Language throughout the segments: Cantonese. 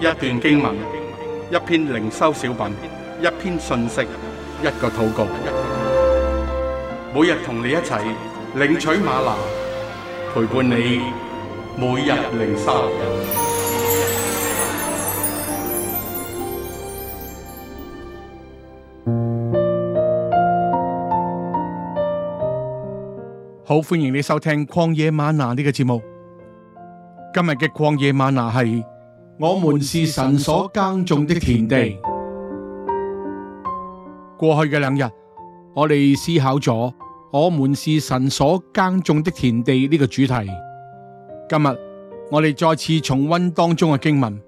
一段經文，一篇靈修小品，一篇信息，一個禱告。每日同你一齊領取嗎哪，陪伴你每日靈修。好，歡迎你收聽《曠野嗎哪》呢個節目。今日嘅《曠野嗎哪》係。我們是神所耕種的田地。過去嘅兩日，我哋思考咗我們是神所耕種的田地呢個主題。今日我哋再次重温當中嘅經文《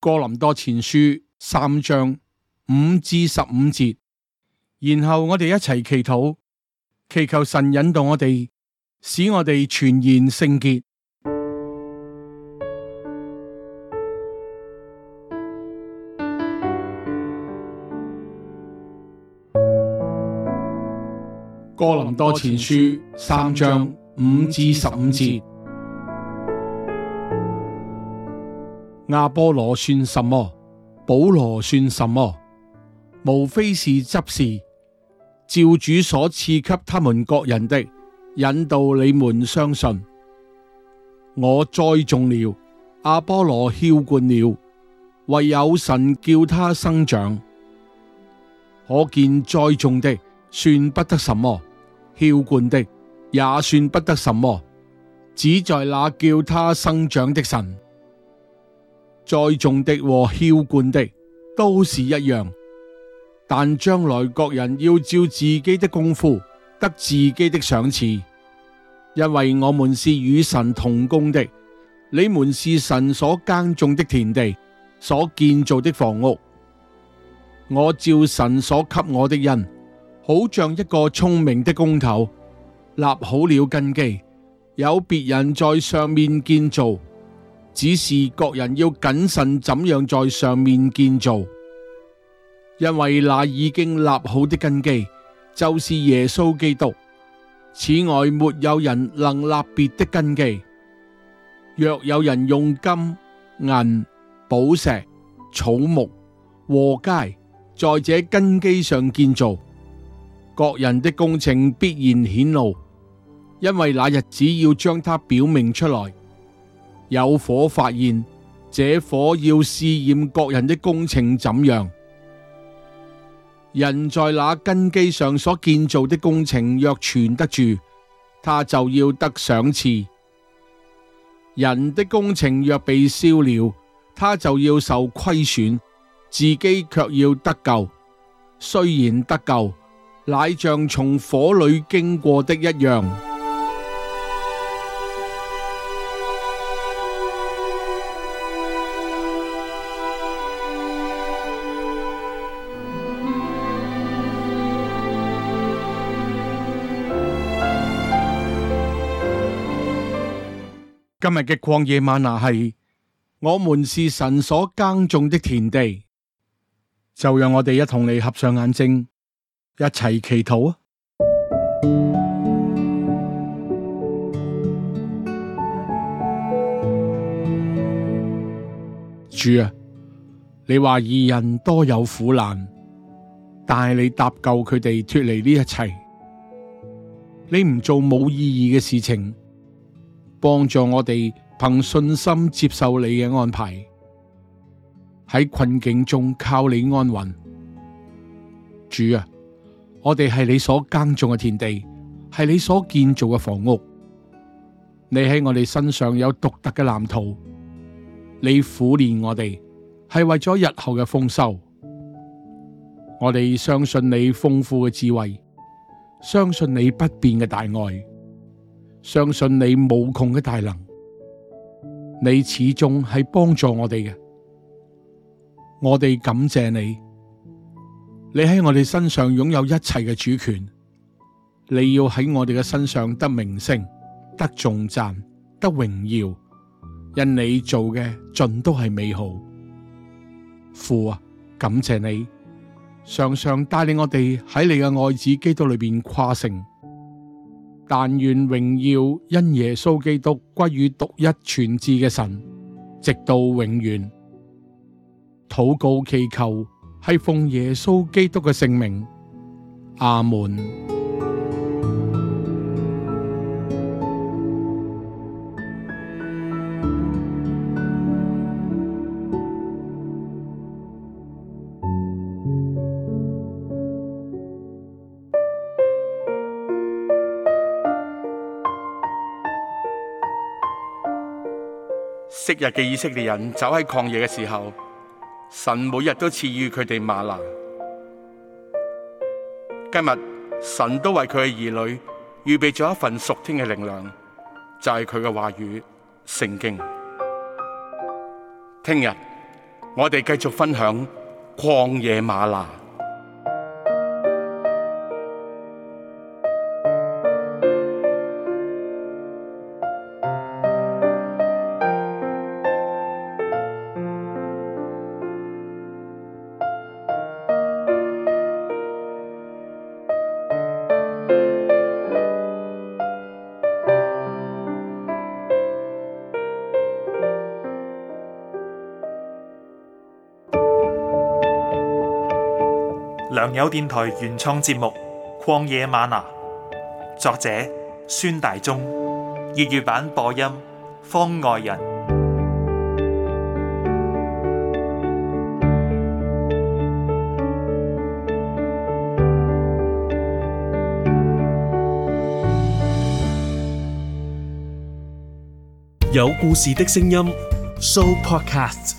哥林多前書》三章五至十五節，然後我哋一齊祈禱，祈求神引導我哋，使我哋全然聖潔。《哥林多前書》三章五至十五節：亞波羅算什麼？保羅算什麼？無非是執事，照主所賜給他們各人的引導你們相信。我栽種了，亞波羅澆灌了，唯有神叫他生長。可見栽種的算不得什麼。澆灌的也算不得什麼，只在那叫他生長的神。栽種的和澆灌的都是一樣。但將來各人要照自己的功夫得自己的賞賜，因為我們是與神同工的，你們是神所耕種的田地，所建造的房屋。我照神所給我的恩。好像一個聰明的工頭立好了根基，有別人在上面建造，只是各人要謹慎，怎樣在上面建造，因為那已經立好的根基就是耶穌基督。此外沒有人能立別的根基，若有人用金銀、寶石、草木、禾秸在這根基上建造。各人的工程必然顯露，因為那日子要將它表明出來。有火發現，這火要試驗各人的工程怎樣。人在那根基上所建造的工程若存得住，他就要得賞賜；人的工程若被燒了，他就要受虧損，自己卻要得救。雖然得救。乃像從火裏經過的一樣。今日嘅曠野嗎哪係，我們是神所耕種的田地，就讓我哋一同嚟合上眼睛。一齊祈禱啊！主啊，你話二人多有苦難，但係你搭救佢哋脫離呢一切。你唔做冇意義嘅事情，幫助我哋憑信心接受你嘅安排，喺困境中靠你安穩，主啊！我哋係你所耕種嘅田地，係你所建造嘅房屋。你喺我哋身上有獨特嘅藍圖，你苦練我哋，係為咗日後嘅豐收。我哋相信你豐富嘅智慧，相信你不變嘅大愛，相信你無窮嘅大能。你始終係幫助我哋嘅，我哋感謝你。你喺我哋身上擁有一切嘅主權，你要喺我哋嘅身上得名聲、得頌讚、得榮耀，因你做嘅盡都係美好。父啊，感謝你，常常帶領我哋喺你嘅愛子基督裏邊誇勝。但願榮耀因耶穌基督歸於獨一全智嘅神，直到永遠。禱告祈求，係奉耶穌基督嘅聖名，阿門。昔日嘅以色列人走喺曠野嘅時候，神每日都賜予他們馬拿，今日神都為他的兒女預備了一份屬天的力量，就是他的話語聖經。聽日我們繼續分享曠野馬拿。良友電台原創節目《曠野嗎哪》，作者孫大中，粵語版播音方外人，有故事的聲音，Show Podcast。